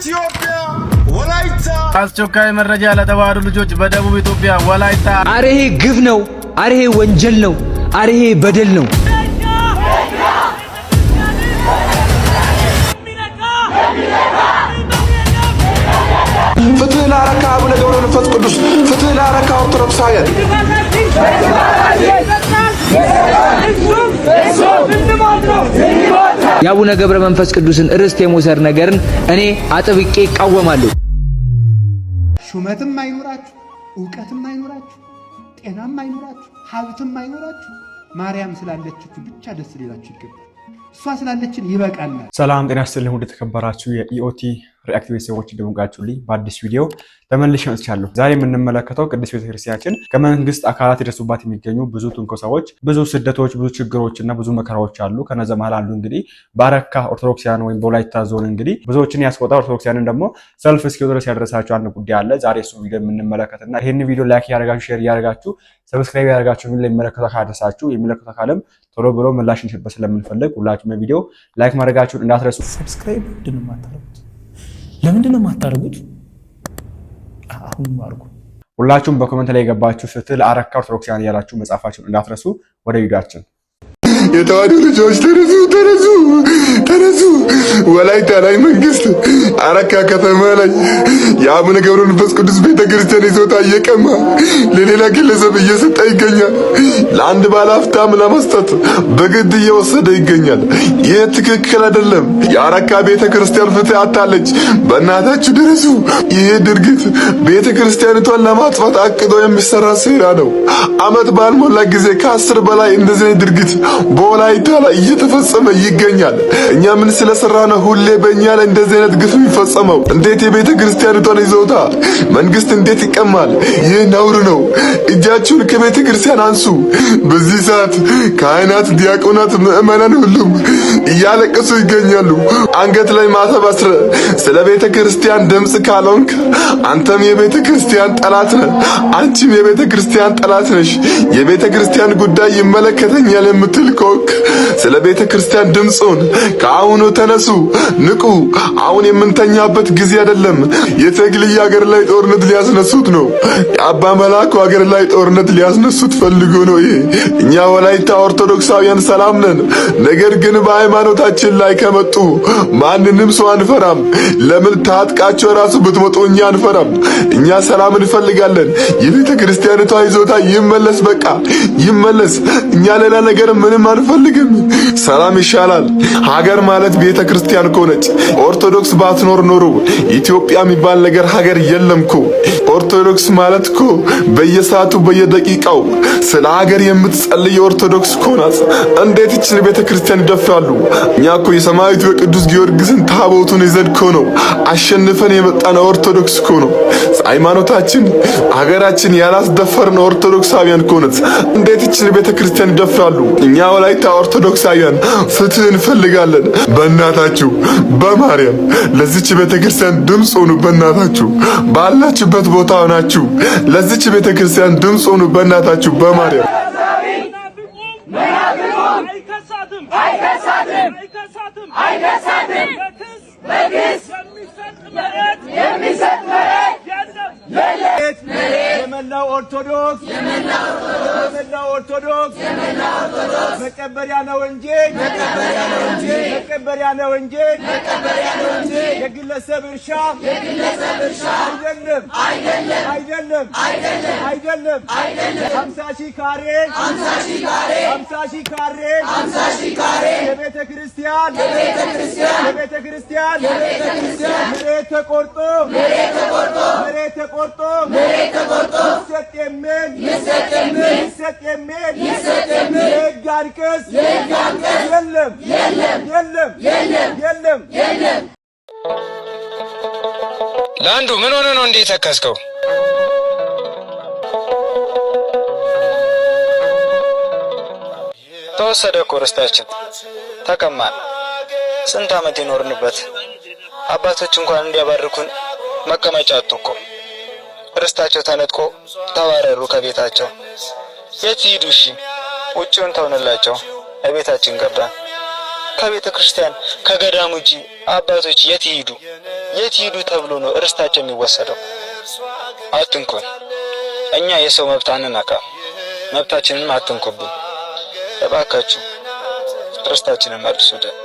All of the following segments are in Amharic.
ኢትዮጵያ ወላይታ አስቸኳይ መረጃ ለተባሉ ልጆች በደቡብ ኢትዮጵያ ወላይታ። አረ ይሄ ግፍ ነው። አረ ይሄ ወንጀል ነው። አረ ይሄ በደል ነው። ፍትህ ላረካ አቡነ ገብረ መንፈስ ቅዱስ፣ ፍትህ ላረካ ኦርቶዶክሳውያን የአቡነ ገብረ መንፈስ ቅዱስን ርስት የመውሰድ ነገርን እኔ አጥብቄ ይቃወማለሁ። ሹመትም አይኖራችሁ፣ እውቀትም አይኖራችሁ፣ ጤናም አይኖራችሁ፣ ሀብትም አይኖራችሁ፣ ማርያም ስላለችችሁ ብቻ ደስ ሌላችሁ ይገባል። እሷ ስላለችን ይበቃናል። ሰላም ጤና ይስጥልኝ ውድ የተከበራችሁ የኢኦቲ ሪአክቲቬት ሰዎች እንደመጋችሁልኝ በአዲስ ቪዲዮ ተመልሼ መጥቻለሁ። ዛሬ የምንመለከተው ቅድስት ቤተክርስቲያናችን ከመንግስት አካላት የደረሱባት የሚገኙ ብዙ ትንኮሳዎች፣ ብዙ ስደቶች፣ ብዙ ችግሮች እና ብዙ መከራዎች አሉ። ከነዚ መሀል አንዱ እንግዲህ በአረካ ኦርቶዶክሲያን ወይም በወላይታ ዞን እንግዲህ ብዙዎችን ያስቆጣ ኦርቶዶክሲያንን ደግሞ ሰልፍ እስኪ ድረስ ያደረሳቸው አንድ ጉዳይ አለ። ዛሬ እሱ ቪዲዮ የምንመለከት እና ይህን ቪዲዮ ላይክ ያደርጋችሁ፣ ሼር ያደርጋችሁ፣ ሰብስክራይብ ያደርጋችሁ የሚል የሚመለከቱ ደርሳችሁ የሚመለከቱ አካልም ቶሎ ብሎ ምላሽ እንችልበት ስለምንፈልግ ሁላችሁም ቪዲዮ ላይክ ማድረጋችሁን እንዳትረሱ። ሰብስክራይብ ድን ለምንድን ነው የማታደርጉት? አሁን አድርጉ። ሁላችሁም በኮመንት ላይ የገባችሁ ስትል አረካ ኦርቶዶክሲያን እያላችሁ መጻፋችሁን እንዳትረሱ። ወደ ቪዲዮአችን የተዋሕዶ ልጆች ተነሱ፣ ተነሱ፣ ተነሱ። ወላይታ ላይ መንግስት አረካ ከተማ ላይ የአቡነ ገብረ መንፈስ ቅዱስ ቤተክርስቲያን ይዞታ እየቀማ ለሌላ ግለሰብ እየሰጠ ይገኛል። ለአንድ ባለ ሀብታም ለመስጠት በግድ እየወሰደ ይገኛል። ይህ ትክክል አይደለም። የአረካ ቤተ ክርስቲያን ፍትህ አታለች። በእናታችሁ ድረሱ። ይህ ድርጊት ቤተክርስቲያኒቷን ለማጥፋት አቅዶ የሚሰራ ሴራ ነው። አመት ባልሞላ ጊዜ ከአስር በላይ እንደዚህ ድርጊት በወላይታ ላይ እየተፈጸመ ይገኛል። እኛ ምን ስለሰራ ነው ሁሌ በእኛ ላይ እንደዚህ አይነት ግፍ የሚፈጸመው? እንዴት የቤተ ክርስቲያኒቷን ይዞታ መንግስት እንዴት ይቀማል? ይህ ነውር ነው። እጃችሁን ከቤተ ክርስቲያን አንሱ። በዚህ ሰዓት ካህናት፣ ዲያቆናት፣ ምዕመናን ሁሉም እያለቀሱ ይገኛሉ። አንገት ላይ ማተብ አስረ ስለ ቤተ ክርስቲያን ድምፅ ካልሆንክ አንተም የቤተ ክርስቲያን ጠላት ነህ፣ አንቺም የቤተ ክርስቲያን ጠላት ነሽ። የቤተ ክርስቲያን ጉዳይ ይመለከተኛል የምትል ከሆንክ ስለ ቤተ ክርስቲያን ድምፅ ከአሁኑ ተነሱ፣ ንቁ። አሁን የምንተኛበት ጊዜ አይደለም። የተግልይ ሀገር ላይ ጦርነት ሊያስነሱት ነው። የአባ መላኩ ሀገር ላይ ጦርነት ሊያስነሱት ፈልጎ ነው ይሄ። እኛ ወላይታ ኦርቶዶክሳውያን ሰላም ነን፣ ነገር ግን በአይ ሃይማኖታችን ላይ ከመጡ ማንንም ሰው አንፈራም። ለምን ታጥቃቸው ራሱ ብትመጡ እኛ አንፈራም። እኛ ሰላም እንፈልጋለን። የቤተ ክርስቲያኒቷ ይዞታ ይመለስ፣ በቃ ይመለስ። እኛ ሌላ ነገር ምንም አንፈልግም። ሰላም ይሻላል። ሀገር ማለት ቤተ ክርስቲያን ከሆነች ኦርቶዶክስ ባትኖር ኖሩ ኢትዮጵያ የሚባል ነገር ሀገር የለም ኦርቶዶክስ ማለት እኮ በየሰዓቱ በየደቂቃው ስለ ሀገር የምትጸልይ ኦርቶዶክስ ኮናት እንዴት ይችን ቤተ ክርስቲያን ይደፍራሉ? እኛ እኮ የሰማዕቱ የቅዱስ ጊዮርጊስን ታቦቱን ይዘድኮ ነው አሸንፈን የመጣን ኦርቶዶክስ እኮ ነው። ሃይማኖታችን ሀገራችን ያላስደፈርን ኦርቶዶክሳውያን ከሆነት እንዴት ይችን ቤተ ክርስቲያን ይደፍራሉ? እኛ ወላይታ ኦርቶዶክሳውያን ፍትህ እንፈልጋለን። በእናታችሁ በማርያም ለዚች ቤተ ክርስቲያን ድምፅ ሆኑ። በእናታችሁ ባላችሁበት ቦታ ሆናችሁ ለዚች ቤተ ክርስቲያን ድምፅ ሆኑ። በእናታችሁ በማርያም ai guess I ኦርቶዶክስ የመላ ኦርቶዶክስ መቀበሪያ ነው እንጂ መቀበሪያ ነው እንጂ የግለሰብ እርሻ አይደለም አይደለም አይደለም። ሀምሳ ሺህ ካሬ ሀምሳ ሺህ ካሬ የቤተ ክርስቲያን የቤተ ክርስቲያን መሬት ተቆርጦ መሬት ተቆርጦ አንቀጽ የለም የለም የለም የለም የለም። ለአንዱ ምን ሆነ ነው እንዴ ተከስከው? ተወሰደ እኮ ርስታችን ተቀማን። ስንት ዓመት ይኖርንበት አባቶች እንኳን እንዲያባርኩን መቀመጫ አጡ እኮ። ርስታቸው ተነጥቆ ተባረሩ ከቤታቸው። የት ይሂዱ እሺ? ውጭውን ተውንላቸው እቤታችን ገባን። ከቤተ ክርስቲያን ከገዳም ውጪ አባቶች የት ይሂዱ የት ይሂዱ ተብሎ ነው እርስታቸው የሚወሰደው። አትንኩን። እኛ የሰው መብት አንናቃ፣ መብታችንን አትንኩብን። እባካችሁ እርስታችንን መልሱልን።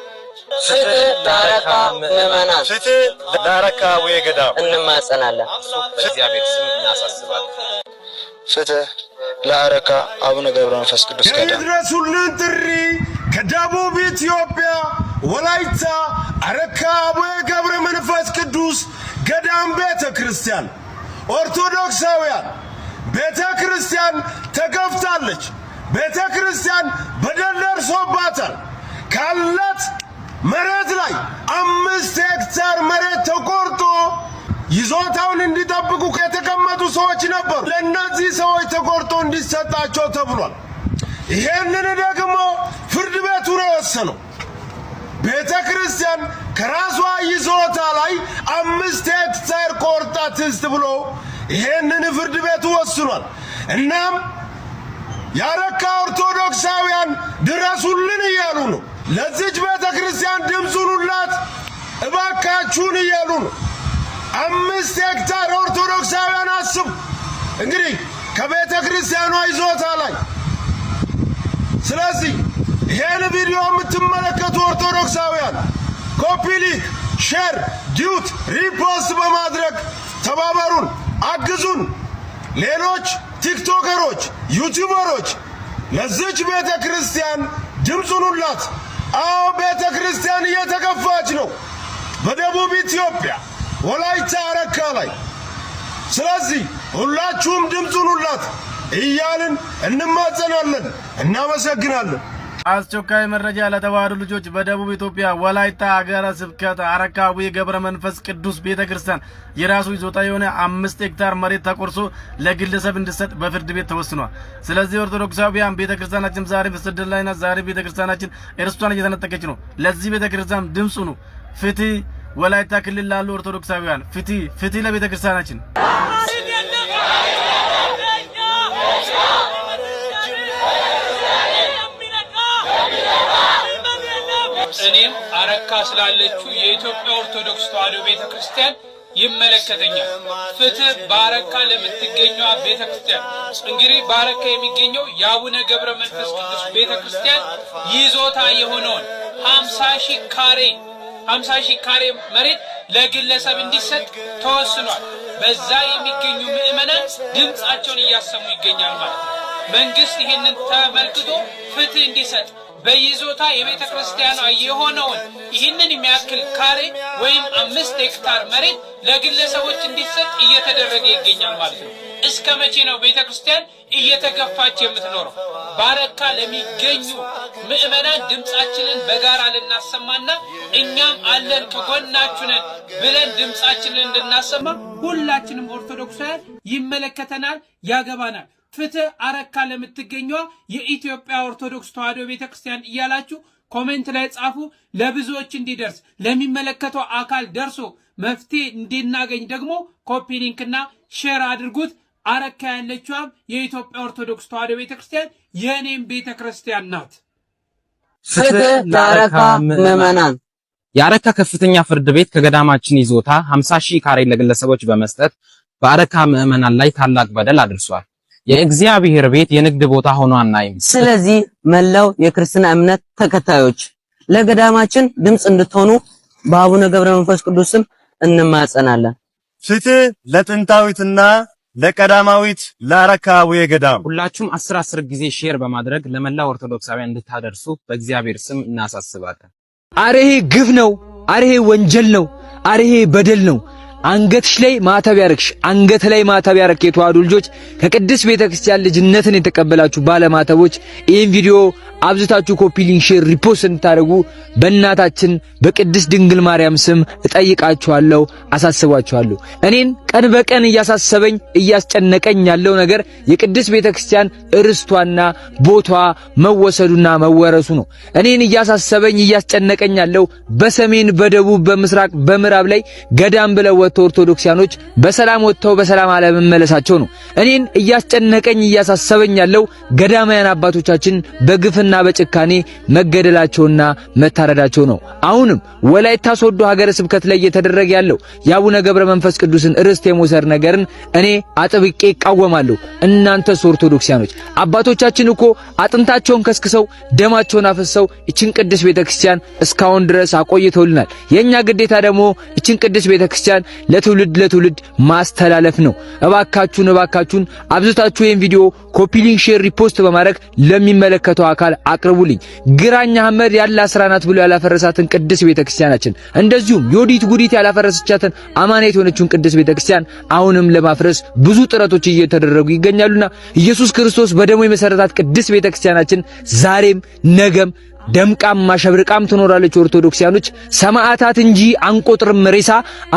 ፍትህ ለአረካ ምዕመናን፣ ፍትህ ለአረካ ወገዳም እንማጸናለን። በእግዚአብሔር ስም እናሳስባለን። ፍትህ ለአረካ አቡነ ገብረ መንፈስ ቅዱስ የድረሱልን ጥሪ ከደቡብ ኢትዮጵያ ወላይታ አረካ አቡነ ገብረ መንፈስ ቅዱስ ገዳም ቤተ ክርስቲያን ኦርቶዶክሳውያን ቤተ ክርስቲያን ተገፍታለች። ቤተ ክርስቲያን በደል ደርሶባታል። ካላት መሬት ላይ አምስት ሄክታር መሬት ተቆርጦ ይዞታውን እንዲጠብቁ ከተቀመጡ ሰዎች ነበሩ። ለእነዚህ ሰዎች ተቆርጦ እንዲሰጣቸው ተብሏል። ይሄንን ደግሞ ፍርድ ቤቱ ነው የወሰነው። ቤተ ክርስቲያን ከራሷ ይዞታ ላይ አምስት ሄክታር ቆርጣ ትስጥ ብሎ ይሄንን ፍርድ ቤቱ ወስኗል። እናም ያረካ ኦርቶዶክሳውያን ድረሱልን እያሉ ነው። ለዚች ቤተ ክርስቲያን ድምፁን ሁላት እባካችሁን እያሉ ነው። አምስት ሄክታር ኦርቶዶክሳውያን አስቡ እንግዲህ ከቤተ ክርስቲያኗ ይዞታ ላይ። ስለዚህ ይህን ቪዲዮ የምትመለከቱ ኦርቶዶክሳውያን ኮፒሊክ፣ ሼር፣ ዲዩት፣ ሪፖስት በማድረግ ተባበሩን፣ አግዙን። ሌሎች ቲክቶከሮች፣ ዩቲዩበሮች ለዚች ቤተ ክርስቲያን ድምፁን አዎ ቤተ ክርስቲያን እየተከፋች ነው በደቡብ ኢትዮጵያ ወላይታ አረካ ላይ። ስለዚህ ሁላችሁም ድምፁን ሁላት እያልን እንማጸናለን፣ እናመሰግናለን። አስቸኳይ መረጃ ለተዋሕዶ ልጆች በደቡብ ኢትዮጵያ ወላይታ ሀገረ ስብከት አረካዊ ገብረ መንፈስ ቅዱስ ቤተ ክርስቲያን የራሱ ይዞታ የሆነ አምስት ሄክታር መሬት ተቆርሶ ለግለሰብ እንዲሰጥ በፍርድ ቤት ተወስኗል። ስለዚህ ኦርቶዶክሳውያን ቤተ ክርስቲያናችን ዛሬ በስደት ላይና ዛሬ ቤተ ክርስቲያናችን እርስቷን እየተነጠቀች ነው። ለዚህ ቤተ ክርስቲያን ድምፁ ነው ፍትህ ወላይታ ክልል ላሉ ኦርቶዶክሳውያን ፍትህ ፍትህ ለቤተ ክርስቲያናችን እኔም አረካ ስላለችው የኢትዮጵያ ኦርቶዶክስ ተዋህዶ ቤተ ክርስቲያን ይመለከተኛል። ፍትህ በአረካ ለምትገኘዋ ቤተ ክርስቲያን እንግዲህ በአረካ የሚገኘው የአቡነ ገብረ መንፈስ ቅዱስ ቤተ ክርስቲያን ይዞታ የሆነውን ሀምሳ ሺህ ካሬ 50 ሺህ ካሬ መሬት ለግለሰብ እንዲሰጥ ተወስኗል። በዛ የሚገኙ ምዕመናን ድምፃቸውን እያሰሙ ይገኛል ማለት ነው። መንግስት ይህንን ተመልክቶ ፍትህ እንዲሰጥ በይዞታ የቤተ ክርስቲያኗ የሆነውን ይህንን የሚያክል ካሬ ወይም አምስት ሄክታር መሬት ለግለሰቦች እንዲሰጥ እየተደረገ ይገኛል ማለት ነው። እስከ መቼ ነው ቤተ ክርስቲያን እየተገፋች የምትኖረው? ባረካ ለሚገኙ ምእመናን ድምፃችንን በጋራ ልናሰማና እኛም አለን ከጎናችሁነን ብለን ድምፃችንን እንድናሰማ ሁላችንም ኦርቶዶክሳውያን ይመለከተናል፣ ያገባናል። ፍትህ አረካ ለምትገኘ የኢትዮጵያ ኦርቶዶክስ ተዋሕዶ ቤተክርስቲያን እያላችሁ ኮሜንት ላይ ጻፉ። ለብዙዎች እንዲደርስ ለሚመለከተው አካል ደርሶ መፍትሄ እንድናገኝ ደግሞ ኮፒ ሊንክና ሼር አድርጉት። አረካ ያለችዋም የኢትዮጵያ ኦርቶዶክስ ተዋሕዶ ቤተክርስቲያን የእኔም ቤተክርስቲያን ናት። ፍትህ ለአረካ ምዕመናን የአረካ ከፍተኛ ፍርድ ቤት ከገዳማችን ይዞታ 50 ሺህ ካሬ ለግለሰቦች በመስጠት በአረካ ምዕመናን ላይ ታላቅ በደል አድርሷል። የእግዚአብሔር ቤት የንግድ ቦታ ሆኖ አናይም። ስለዚህ መላው የክርስትና እምነት ተከታዮች ለገዳማችን ድምፅ እንድትሆኑ በአቡነ ገብረ መንፈስ ቅዱስም እንማጸናለን። ፍትህ ለጥንታዊትና ለቀዳማዊት ላረካቡዬ ገዳም ሁላችሁም አስር አስር ጊዜ ሼር በማድረግ ለመላው ኦርቶዶክሳውያን እንድታደርሱ በእግዚአብሔር ስም እናሳስባለን። አርሄ ግፍ ነው፣ አርሄ ወንጀል ነው፣ አርሄ በደል ነው። አንገትሽ ላይ ማተብ ያርክሽ፣ አንገት ላይ ማተብ ያርክ። የተዋህዱ ልጆች ከቅድስት ቤተክርስቲያን ልጅነትን የተቀበላችሁ ባለማተቦች ይህን ቪዲዮ አብዝታችሁ ኮፒ ሊንክ፣ ሼር፣ ሪፖስት እንድታደርጉ በእናታችን በቅድስት ድንግል ማርያም ስም እጠይቃችኋለሁ፣ አሳስባችኋለሁ። እኔን ቀን በቀን እያሳሰበኝ እያስጨነቀኝ ያለው ነገር የቅድስት ቤተክርስቲያን እርስቷና ቦታ መወሰዱና መወረሱ ነው። እኔን እያሳሰበኝ እያስጨነቀኝ ያለው በሰሜን በደቡብ በምስራቅ በምዕራብ ላይ ገዳም ብለው ወጥተው ኦርቶዶክሲያኖች በሰላም ወጥተው በሰላም አለመመለሳቸው ነው። እኔን እያስጨነቀኝ እያሳሰበኝ ያለው ገዳማያን አባቶቻችን በግፍና በግፍና በጭካኔ መገደላቸውና መታረዳቸው ነው። አሁንም ወላይታ ሶዶ ሀገረ ስብከት ላይ እየተደረገ ያለው የአቡነ ገብረ መንፈስ ቅዱስን ርስት የመውሰድ ነገርን እኔ አጥብቄ ይቃወማለሁ። እናንተስ ኦርቶዶክሲያኖች፣ አባቶቻችን እኮ አጥንታቸውን ከስክሰው ደማቸውን አፈሰው እችን ቅድስ ቤተክርስቲያን እስካሁን ድረስ አቆይተውልናል። የኛ ግዴታ ደግሞ እችን ቅድስ ቤተክርስቲያን ለትውልድ ለትውልድ ማስተላለፍ ነው። እባካችሁን እባካችሁን አብዝታችሁ ይህን ቪዲዮ ኮፒሊንግ፣ ሼር፣ ሪፖስት በማድረግ ለሚመለከተው አካል አቅርቡልኝ። ግራኝ አህመድ ያለ አስራ ናት ብሎ ያላፈረሳትን ቅድስት ቤተክርስቲያናችን እንደዚሁም ዮዲት ጉዲት ያላፈረሰቻትን አማኔት የሆነችውን ቅድስት ቤተክርስቲያን አሁንም ለማፍረስ ብዙ ጥረቶች እየተደረጉ ይገኛሉና ኢየሱስ ክርስቶስ በደሙ የመሰረታት ቅድስት ቤተክርስቲያናችን ዛሬም ነገም ደምቃም ማሸብርቃም ትኖራለች። ኦርቶዶክሲያኖች ሰማዕታት እንጂ አንቆጥርም ሬሳ፣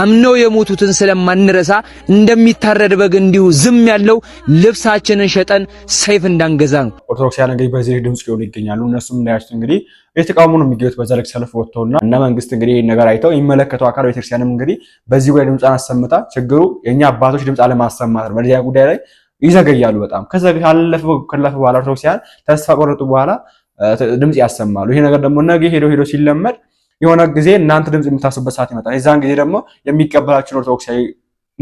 አምነው የሞቱትን ስለማንረሳ፣ እንደሚታረድ በግ እንዲሁ ዝም ያለው ልብሳችንን ሸጠን ሰይፍ እንዳንገዛ ነው። ኦርቶዶክሲያን እንግዲህ በዚህ ድምጽ ሊሆኑ ይገኛሉ። እነሱም እንዳያችሁት እንግዲህ የተቃውሞ ነው የሚገኙት። በዛ ልክ ሰልፍ ወጥተውና እና መንግስት እንግዲህ ነገር አይተው የሚመለከተው አካል ቤተክርስቲያንም እንግዲህ በዚህ ጉዳይ ድምፅ አሰምታ ችግሩ የእኛ አባቶች ድምፅ አለማሰማት ነው በዚያ ጉዳይ ላይ ይዘገያሉ በጣም ከዘ ካለፈ በኋላ ኦርቶዶክሲያን ተስፋ ቆረጡ በኋላ ድምፅ ያሰማሉ። ይሄ ነገር ደግሞ ነገ ሄዶ ሄዶ ሲለመድ የሆነ ጊዜ እናንተ ድምፅ የምታስቡበት ሰዓት ይመጣል። የዛን ጊዜ ደግሞ የሚቀበላችሁ ኦርቶዶክሳዊ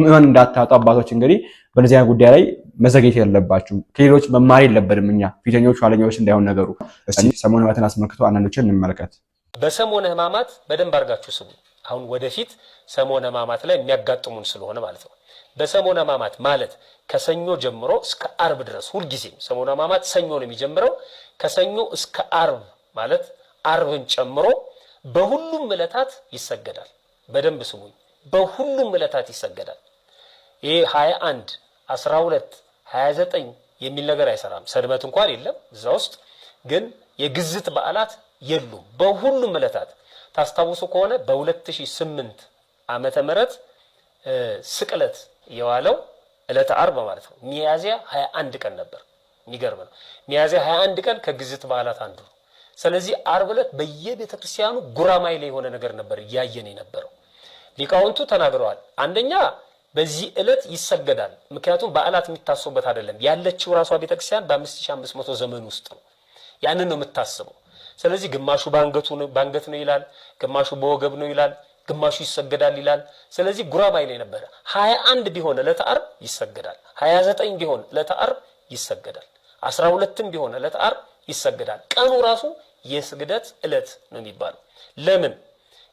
ምዕመን እንዳታጡ አባቶች እንግዲህ በነዚያ ጉዳይ ላይ መዘግየት የለባችሁ። ከሌሎች መማር የለበትም እኛ ፊተኞች ኋለኛዎች እንዳይሆን ነገሩ። እስቲ ሰሞነ ሕማማትን አስመልክቶ አንዳንዶችን እንመልከት። በሰሞነ ሕማማት በደንብ አድርጋችሁ ስሙ። አሁን ወደፊት ሰሞነ ሕማማት ላይ የሚያጋጥሙን ስለሆነ ማለት ነው። በሰሞነ ሕማማት ማለት ከሰኞ ጀምሮ እስከ አርብ ድረስ ሁልጊዜም ሰሞነ ሕማማት ሰኞ ነው የሚጀምረው ከሰኞ እስከ አርብ ማለት አርብን ጨምሮ በሁሉም እለታት ይሰገዳል። በደንብ ስሙኝ። በሁሉም እለታት ይሰገዳል። ይህ 21 12 29 የሚል ነገር አይሰራም። ሰንበት እንኳን የለም እዛ ውስጥ ግን የግዝት በዓላት የሉም። በሁሉም እለታት ታስታውሱ ከሆነ በ2008 ዓመተ ምህረት ስቅለት የዋለው ዕለተ አርብ ማለት ነው ሚያዝያ 21 ቀን ነበር። የሚገርም ነው። ሚያዝያ 21 ቀን ከግዝት በዓላት አንዱ ነው። ስለዚህ አርብ ዕለት በየቤተ ክርስቲያኑ ጉራማይሌ የሆነ ነገር ነበር እያየን የነበረው። ሊቃውንቱ ተናግረዋል። አንደኛ በዚህ ዕለት ይሰገዳል። ምክንያቱም በዓላት የሚታሰቡበት አይደለም። ያለችው ራሷ ቤተክርስቲያን በ5500 ዘመን ውስጥ ነው። ያንን ነው የምታስበው። ስለዚህ ግማሹ በአንገት ነው ይላል፣ ግማሹ በወገብ ነው ይላል፣ ግማሹ ይሰገዳል ይላል። ስለዚህ ጉራማይሌ ነበረ። 21 ቢሆን ዕለተ ዓርብ ይሰገዳል፣ 29 ቢሆን ዕለተ ይሰገዳል። አስራ ሁለትም ቢሆን ዕለት ዓርብ ይሰግዳል። ቀኑ ራሱ የስግደት ዕለት ነው የሚባለው። ለምን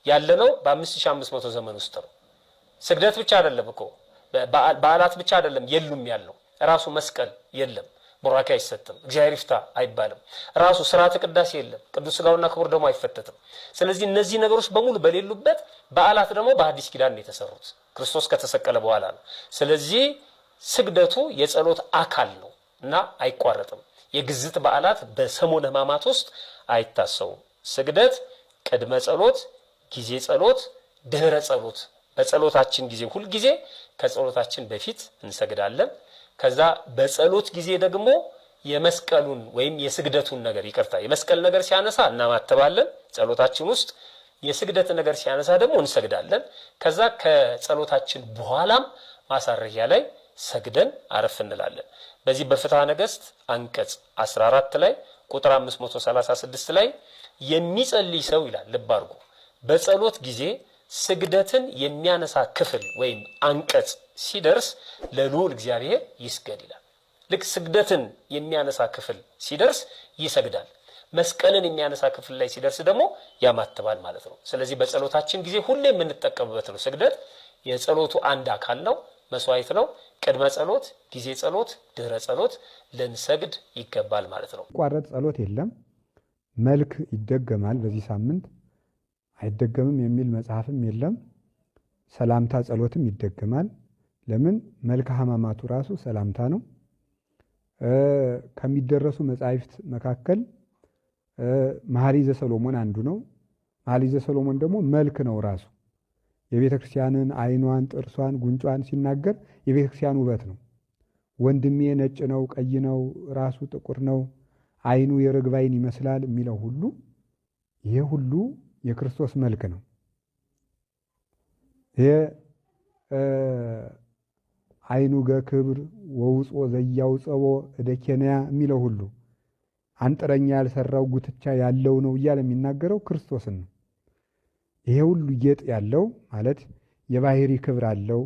ያለነው በ5500 ዘመን ውስጥ ነው። ስግደት ብቻ አይደለም እኮ በዓላት ብቻ አይደለም የሉም ያለው ራሱ መስቀል የለም ቡራኬ አይሰጥም። እግዚአብሔር ይፍታ አይባልም። ራሱ ስርዓተ ቅዳሴ የለም። ቅዱስ ስጋውና ክቡር ደግሞ አይፈተትም። ስለዚህ እነዚህ ነገሮች በሙሉ በሌሉበት በዓላት ደግሞ በአዲስ ኪዳን ነው የተሰሩት፣ ክርስቶስ ከተሰቀለ በኋላ ነው። ስለዚህ ስግደቱ የጸሎት አካል ነው። እና አይቋረጥም። የግዝት በዓላት በሰሞነ ሕማማት ውስጥ አይታሰቡም። ስግደት፣ ቅድመ ጸሎት፣ ጊዜ ጸሎት፣ ድህረ ጸሎት። በጸሎታችን ጊዜ ሁልጊዜ ከጸሎታችን በፊት እንሰግዳለን። ከዛ በጸሎት ጊዜ ደግሞ የመስቀሉን ወይም የስግደቱን ነገር ይቅርታ፣ የመስቀል ነገር ሲያነሳ እናማተባለን ጸሎታችን ውስጥ የስግደት ነገር ሲያነሳ ደግሞ እንሰግዳለን። ከዛ ከጸሎታችን በኋላም ማሳረጊያ ላይ ሰግደን አረፍ እንላለን። በዚህ በፍትሐ ነገሥት አንቀጽ 14 ላይ ቁጥር 536 ላይ የሚጸልይ ሰው ይላል። ልብ አድርጉ። በጸሎት ጊዜ ስግደትን የሚያነሳ ክፍል ወይም አንቀጽ ሲደርስ ለልዑል እግዚአብሔር ይስገድ ይላል። ልክ ስግደትን የሚያነሳ ክፍል ሲደርስ ይሰግዳል። መስቀልን የሚያነሳ ክፍል ላይ ሲደርስ ደግሞ ያማትባል ማለት ነው። ስለዚህ በጸሎታችን ጊዜ ሁሌ የምንጠቀምበት ነው። ስግደት የጸሎቱ አንድ አካል ነው። መስዋዕት ነው። ቅድመ ጸሎት፣ ጊዜ ጸሎት፣ ድህረ ጸሎት ልንሰግድ ይገባል ማለት ነው። ቋረጥ ጸሎት የለም። መልክ ይደገማል። በዚህ ሳምንት አይደገምም የሚል መጽሐፍም የለም። ሰላምታ ጸሎትም ይደገማል። ለምን መልክ ሕማማቱ ራሱ ሰላምታ ነው። ከሚደረሱ መጻሕፍት መካከል መኃልየ ሰሎሞን አንዱ ነው። መኃልየ ሰሎሞን ደግሞ መልክ ነው ራሱ የቤተ ክርስቲያንን አይኗን፣ ጥርሷን፣ ጉንጯን ሲናገር የቤተ ክርስቲያን ውበት ነው። ወንድሜ ነጭ ነው፣ ቀይ ነው፣ ራሱ ጥቁር ነው፣ አይኑ የርግብ አይን ይመስላል የሚለው ሁሉ ይሄ ሁሉ የክርስቶስ መልክ ነው። ይሄ አይኑ ገክብር ወውፆ ዘያው ጸቦ እደኬንያ የሚለው ሁሉ አንጥረኛ ያልሰራው ጉትቻ ያለው ነው እያለ የሚናገረው ክርስቶስን ነው። ይሄ ሁሉ ጌጥ ያለው ማለት የባህሪ ክብር አለው።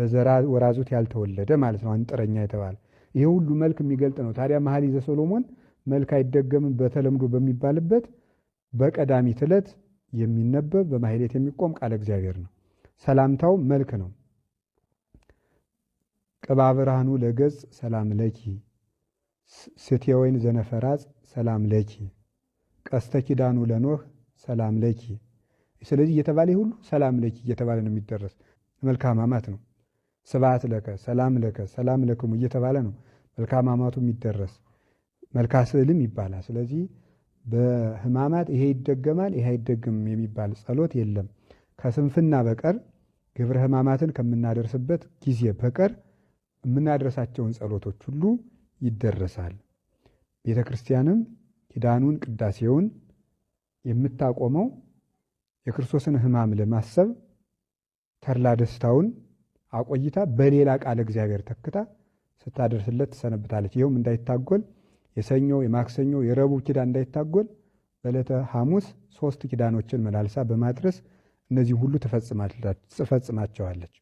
በዘራ ወራዙት ያልተወለደ ማለት ነው አንጥረኛ የተባለ ይሄ ሁሉ መልክ የሚገልጥ ነው። ታዲያ መኃልየ ሰሎሞን መልክ አይደገምም በተለምዶ በሚባልበት በቀዳሚት ዕለት የሚነበብ በማሕሌት የሚቆም ቃለ እግዚአብሔር ነው። ሰላምታው መልክ ነው። ቅባ ብርሃኑ ለገጽ ሰላም ለኪ ስቴ ወይን ዘነፈራጽ ሰላም ለኪ ቀስተ ኪዳኑ ለኖህ ሰላም ለኪ ስለዚህ እየተባለ ሁሉ ሰላም ለኪ እየተባለ ነው የሚደረስ። መልክአ ነው። ስብሐት ለከ፣ ሰላም ለከ፣ ሰላም ለክሙ እየተባለ ነው መልክአ ሕማማቱ የሚደረስ። መልካ ስዕልም ይባላል። ስለዚህ በህማማት ይሄ ይደገማል፣ ይሄ አይደገምም የሚባል ጸሎት የለም ከስንፍና በቀር ግብረ ህማማትን ከምናደርስበት ጊዜ በቀር የምናደርሳቸውን ጸሎቶች ሁሉ ይደረሳል። ቤተ ክርስቲያንም ኪዳኑን ቅዳሴውን የምታቆመው የክርስቶስን ሕማም ለማሰብ ተድላ ደስታውን አቆይታ በሌላ ቃል እግዚአብሔር ተክታ ስታደርስለት ትሰነብታለች። ይኸውም እንዳይታጎል የሰኞ የማክሰኞ የረቡዕ ኪዳን እንዳይታጎል በዕለተ ሐሙስ ሶስት ኪዳኖችን መላልሳ በማድረስ እነዚህ ሁሉ ትፈጽማቸዋለች።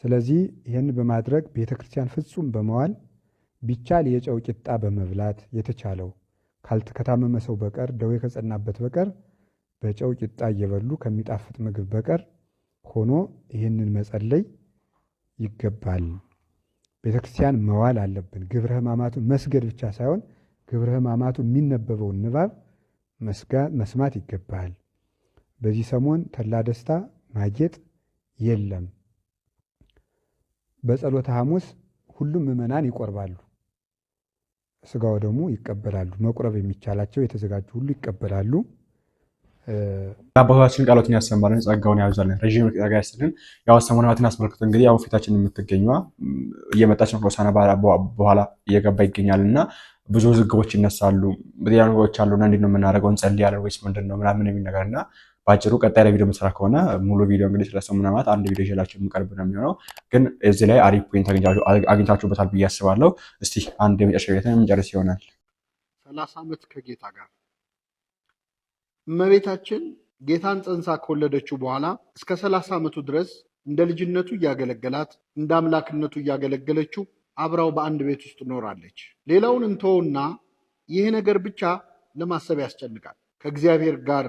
ስለዚህ ይህን በማድረግ ቤተ ክርስቲያን ፍጹም በመዋል ቢቻል የጨው ቂጣ በመብላት የተቻለው ከታመመ ሰው በቀር ደዌ ከጸናበት በቀር በጨው ቂጣ እየበሉ ከሚጣፍጥ ምግብ በቀር ሆኖ ይህንን መጸለይ ይገባል። ቤተ ክርስቲያን መዋል አለብን። ግብረ ሕማማቱን መስገድ ብቻ ሳይሆን ግብረ ሕማማቱ የሚነበበውን ንባብ መስማት ይገባል። በዚህ ሰሞን ተላ ደስታ ማጌጥ የለም። በጸሎተ ሐሙስ ሁሉም ምዕመናን ይቆርባሉ፣ ስጋው ደግሞ ይቀበላሉ። መቁረብ የሚቻላቸው የተዘጋጁ ሁሉ ይቀበላሉ። አባታችን ቃሎትን ያሰማልን ጸጋውን ያብዛልን ረዥም ርቅ ጸጋ ያስልን። ያው ሰሞኑን አስመልክቶ እንግዲህ ያው ፊታችን የምትገኘዋ እየመጣች ነው። ከሆሳዕና በኋላ እየገባ ይገኛል እና ብዙ ዝግቦች ይነሳሉ፣ ብዙ ነገሮች አሉና እንዴት ነው የምናደርገው? እንጸልያለን ወይስ ምንድን ነው ምናምን የሚል ነገር እና በአጭሩ ቀጣይ ላይ ቪዲዮ መስራት ከሆነ ሙሉ ቪዲዮ እንግዲህ ስለ ሰሙነ ሕማማት አንድ ቪዲዮ ይዤላችሁ የሚቀርብ ነው የሚሆነው። ግን እዚህ ላይ አሪፍ ፖይንት አግኝታችሁበታል ብዬ አስባለሁ። እስቲ አንድ የመጨረሻ ቤትን የምንጨርስ ይሆናል። ሰላሳ ዓመት ከጌታ ጋር እመቤታችን ጌታን ጸንሳ ከወለደችው በኋላ እስከ ሰላሳ ዓመቱ ድረስ እንደ ልጅነቱ እያገለገላት እንደ አምላክነቱ እያገለገለችው አብራው በአንድ ቤት ውስጥ ኖራለች። ሌላውን እንተውና ይህ ነገር ብቻ ለማሰብ ያስጨንቃል። ከእግዚአብሔር ጋር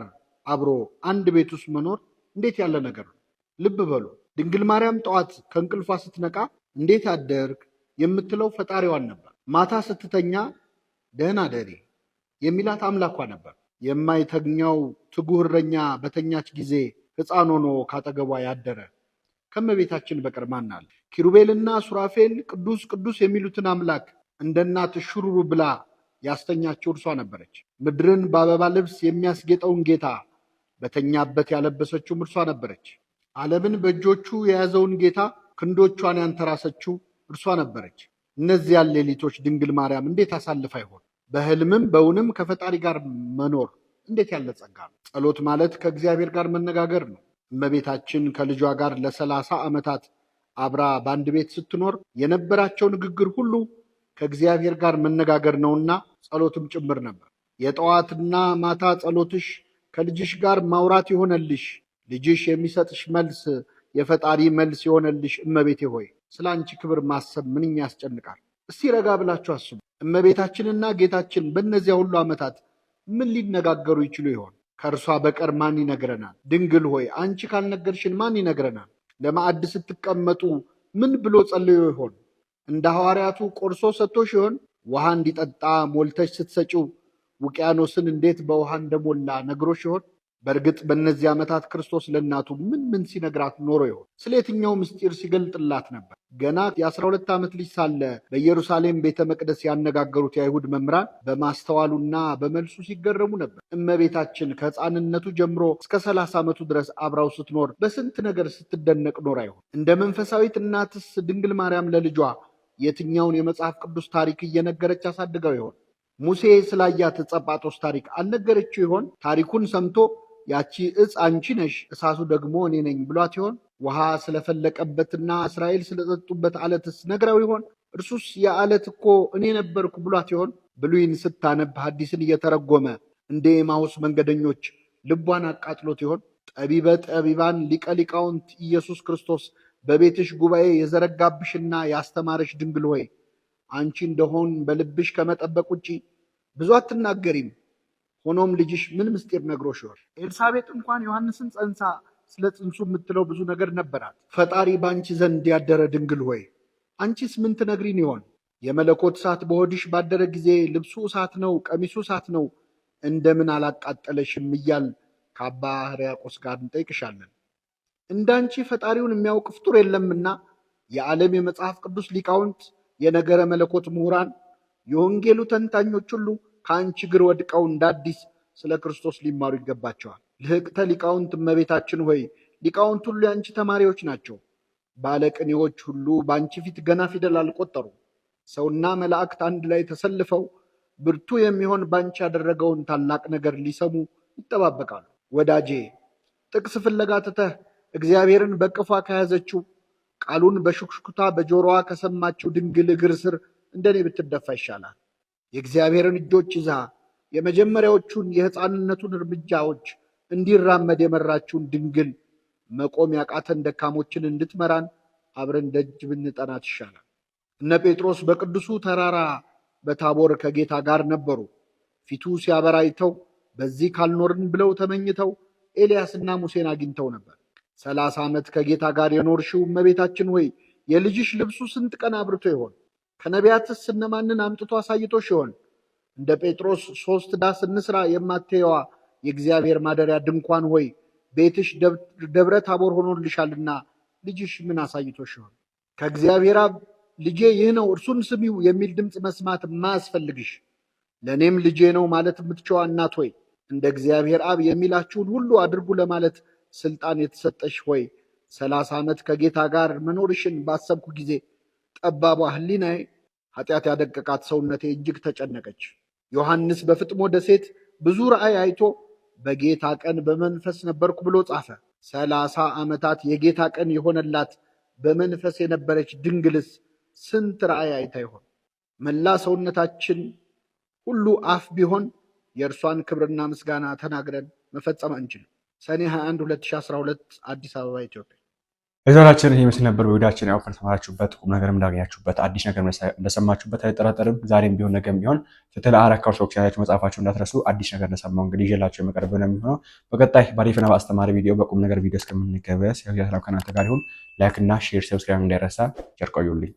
አብሮ አንድ ቤት ውስጥ መኖር እንዴት ያለ ነገር ነው! ልብ በሉ። ድንግል ማርያም ጠዋት ከእንቅልፏ ስትነቃ እንዴት አደርግ የምትለው ፈጣሪዋን ነበር። ማታ ስትተኛ ደህና ደሪ የሚላት አምላኳ ነበር። የማይተኛው ትጉህ እረኛ በተኛች ጊዜ ሕፃን ሆኖ ካጠገቧ ያደረ ከመቤታችን በቀር ማናል? ኪሩቤልና ሱራፌል ቅዱስ ቅዱስ የሚሉትን አምላክ እንደ እናት ሹሩሩ ብላ ያስተኛቸው እርሷ ነበረች። ምድርን በአበባ ልብስ የሚያስጌጠውን ጌታ በተኛበት ያለበሰችውም እርሷ ነበረች። ዓለምን በእጆቹ የያዘውን ጌታ ክንዶቿን ያንተራሰችው እርሷ ነበረች። እነዚያን ሌሊቶች ድንግል ማርያም እንዴት አሳልፍ አይሆን? በህልምም በእውንም ከፈጣሪ ጋር መኖር እንዴት ያለ ጸጋ ነው! ጸሎት ማለት ከእግዚአብሔር ጋር መነጋገር ነው። እመቤታችን ከልጇ ጋር ለሰላሳ ዓመታት አብራ በአንድ ቤት ስትኖር የነበራቸው ንግግር ሁሉ ከእግዚአብሔር ጋር መነጋገር ነውና ጸሎትም ጭምር ነበር። የጠዋትና ማታ ጸሎትሽ ከልጅሽ ጋር ማውራት ይሆነልሽ፣ ልጅሽ የሚሰጥሽ መልስ የፈጣሪ መልስ የሆነልሽ እመቤቴ ሆይ ስለ አንቺ ክብር ማሰብ ምንኛ ያስጨንቃል። እስቲ ረጋ ብላችሁ አስቡ። እመቤታችንና ጌታችን በእነዚያ ሁሉ ዓመታት ምን ሊነጋገሩ ይችሉ ይሆን? ከእርሷ በቀር ማን ይነግረናል? ድንግል ሆይ አንቺ ካልነገርሽን ማን ይነግረናል? ለማዕድ ስትቀመጡ ምን ብሎ ጸልዮ ይሆን? እንደ ሐዋርያቱ ቆርሶ ሰጥቶሽ ይሆን? ውሃ እንዲጠጣ ሞልተሽ ስትሰጪው ውቅያኖስን እንዴት በውሃ እንደሞላ ነግሮሽ ይሆን? በእርግጥ በእነዚህ ዓመታት ክርስቶስ ለእናቱ ምን ምን ሲነግራት ኖሮ ይሆን? ስለ የትኛው ምስጢር ሲገልጥላት ነበር? ገና የአስራ ሁለት ዓመት ልጅ ሳለ በኢየሩሳሌም ቤተ መቅደስ ያነጋገሩት የአይሁድ መምህራን በማስተዋሉና በመልሱ ሲገረሙ ነበር። እመቤታችን ከሕፃንነቱ ጀምሮ እስከ 3ላ0 ዓመቱ ድረስ አብራው ስትኖር በስንት ነገር ስትደነቅ ኖር አይሆን? እንደ መንፈሳዊት እናትስ ድንግል ማርያም ለልጇ የትኛውን የመጽሐፍ ቅዱስ ታሪክ እየነገረች አሳድገው ይሆን? ሙሴ ስላያት ጸጳጦስ ታሪክ አልነገረችው ይሆን? ታሪኩን ሰምቶ ያቺ ዕፅ አንቺ ነሽ፣ እሳቱ ደግሞ እኔ ነኝ ብሏት ይሆን? ውሃ ስለፈለቀበትና እስራኤል ስለጠጡበት አለትስ ነግረው ይሆን? እርሱስ የአለት እኮ እኔ ነበርኩ ብሏት ይሆን? ብሉይን ስታነብ ሐዲስን እየተረጎመ እንደ ኤማሁስ መንገደኞች ልቧን አቃጥሎት ይሆን? ጠቢበ ጠቢባን ሊቀ ሊቃውንት ኢየሱስ ክርስቶስ በቤትሽ ጉባኤ የዘረጋብሽና ያስተማረሽ ድንግል ሆይ አንቺ እንደሆን በልብሽ ከመጠበቅ ውጪ ብዙ አትናገሪም። ሆኖም ልጅሽ ምን ምስጢር ነግሮሽ ይሆን? ኤልሳቤጥ እንኳን ዮሐንስን ጸንሳ ስለ ጽንሱ የምትለው ብዙ ነገር ነበራት። ፈጣሪ በአንቺ ዘንድ ያደረ ድንግል ሆይ አንቺስ ምን ትነግሪን ይሆን? የመለኮት እሳት በሆድሽ ባደረ ጊዜ ልብሱ እሳት ነው፣ ቀሚሱ እሳት ነው፣ እንደምን አላቃጠለሽም እያል ከአባ ሕርያቆስ ጋር እንጠይቅሻለን። እንዳንቺ ፈጣሪውን የሚያውቅ ፍጡር የለምና የዓለም የመጽሐፍ ቅዱስ ሊቃውንት፣ የነገረ መለኮት ምሁራን፣ የወንጌሉ ተንታኞች ሁሉ ከአንቺ እግር ወድቀው እንደ አዲስ ስለ ክርስቶስ ሊማሩ ይገባቸዋል። ልህቅተ ሊቃውንት እመቤታችን ሆይ ሊቃውንት ሁሉ የአንቺ ተማሪዎች ናቸው። ባለቅኔዎች ሁሉ በአንቺ ፊት ገና ፊደል አልቆጠሩ። ሰውና መላእክት አንድ ላይ ተሰልፈው ብርቱ የሚሆን በአንቺ ያደረገውን ታላቅ ነገር ሊሰሙ ይጠባበቃሉ። ወዳጄ ጥቅስ ፍለጋ ትተህ እግዚአብሔርን በቅፏ ከያዘችው ቃሉን በሹክሹክታ በጆሮዋ ከሰማችው ድንግል እግር ስር እንደኔ ብትደፋ ይሻላል። የእግዚአብሔርን እጆች ይዛ የመጀመሪያዎቹን የሕፃንነቱን እርምጃዎች እንዲራመድ የመራችውን ድንግል መቆም ያቃተን ደካሞችን እንድትመራን አብረን ደጅ ብንጠናት ይሻላል። እነ ጴጥሮስ በቅዱሱ ተራራ በታቦር ከጌታ ጋር ነበሩ። ፊቱ ሲያበራይተው በዚህ ካልኖርን ብለው ተመኝተው ኤልያስና ሙሴን አግኝተው ነበር። ሰላሳ ዓመት ከጌታ ጋር የኖርሽው እመቤታችን ሆይ የልጅሽ ልብሱ ስንት ቀን አብርቶ ይሆን? ከነቢያትስ እነማንን አምጥቶ አሳይቶሽ ይሆን? እንደ ጴጥሮስ ሶስት ዳስ እንስራ የማትየዋ የእግዚአብሔር ማደሪያ ድንኳን ሆይ ቤትሽ ደብረ ታቦር ሆኖልሻልና ልጅሽ ምን አሳይቶሽ ይሆን? ከእግዚአብሔር አብ ልጄ ይህ ነው እርሱን ስሚው የሚል ድምፅ መስማት ማያስፈልግሽ ለእኔም ልጄ ነው ማለት የምትችዋ እናት ሆይ እንደ እግዚአብሔር አብ የሚላችሁን ሁሉ አድርጉ ለማለት ስልጣን የተሰጠሽ ሆይ ሰላሳ ዓመት ከጌታ ጋር መኖርሽን ባሰብኩ ጊዜ ጠባቧ ሕሊናዬ ኃጢአት ያደቀቃት ሰውነቴ እጅግ ተጨነቀች። ዮሐንስ በፍጥሞ ደሴት ብዙ ረአይ አይቶ በጌታ ቀን በመንፈስ ነበርኩ ብሎ ጻፈ። ሰላሳ ዓመታት የጌታ ቀን የሆነላት በመንፈስ የነበረች ድንግልስ ስንት ራእይ አይታ ይሆን? መላ ሰውነታችን ሁሉ አፍ ቢሆን የእርሷን ክብርና ምስጋና ተናግረን መፈጸም አንችልም። ሰኔ 21 2012 አዲስ አበባ ኢትዮጵያ የዛራችን ይህ ምስል ነበር። በቪዲዮአችን ያው ከተማራችሁበት ቁም ነገር እንዳገኛችሁበት አዲስ ነገር እንደሰማችሁበት አይጠራጠርም። ዛሬም ቢሆን ነገም ቢሆን ፍትህ ለአረካው ሰዎች ያላችሁ መጽሐፋችሁ እንዳትረሱ። አዲስ ነገር እንደሰማሁ እንግዲህ ይዤላችሁ የመቀረብ ነው የሚሆነው። በቀጣይ በሪፍና በአስተማሪ ቪዲዮ በቁም ነገር ቪዲዮ እስከምንገበያስ ያው ያላችሁ ጋር ይሁን። ላይክ እና ሼር፣ ሰብስክራይብ እንዳይረሳ። ቸር ቆዩልኝ።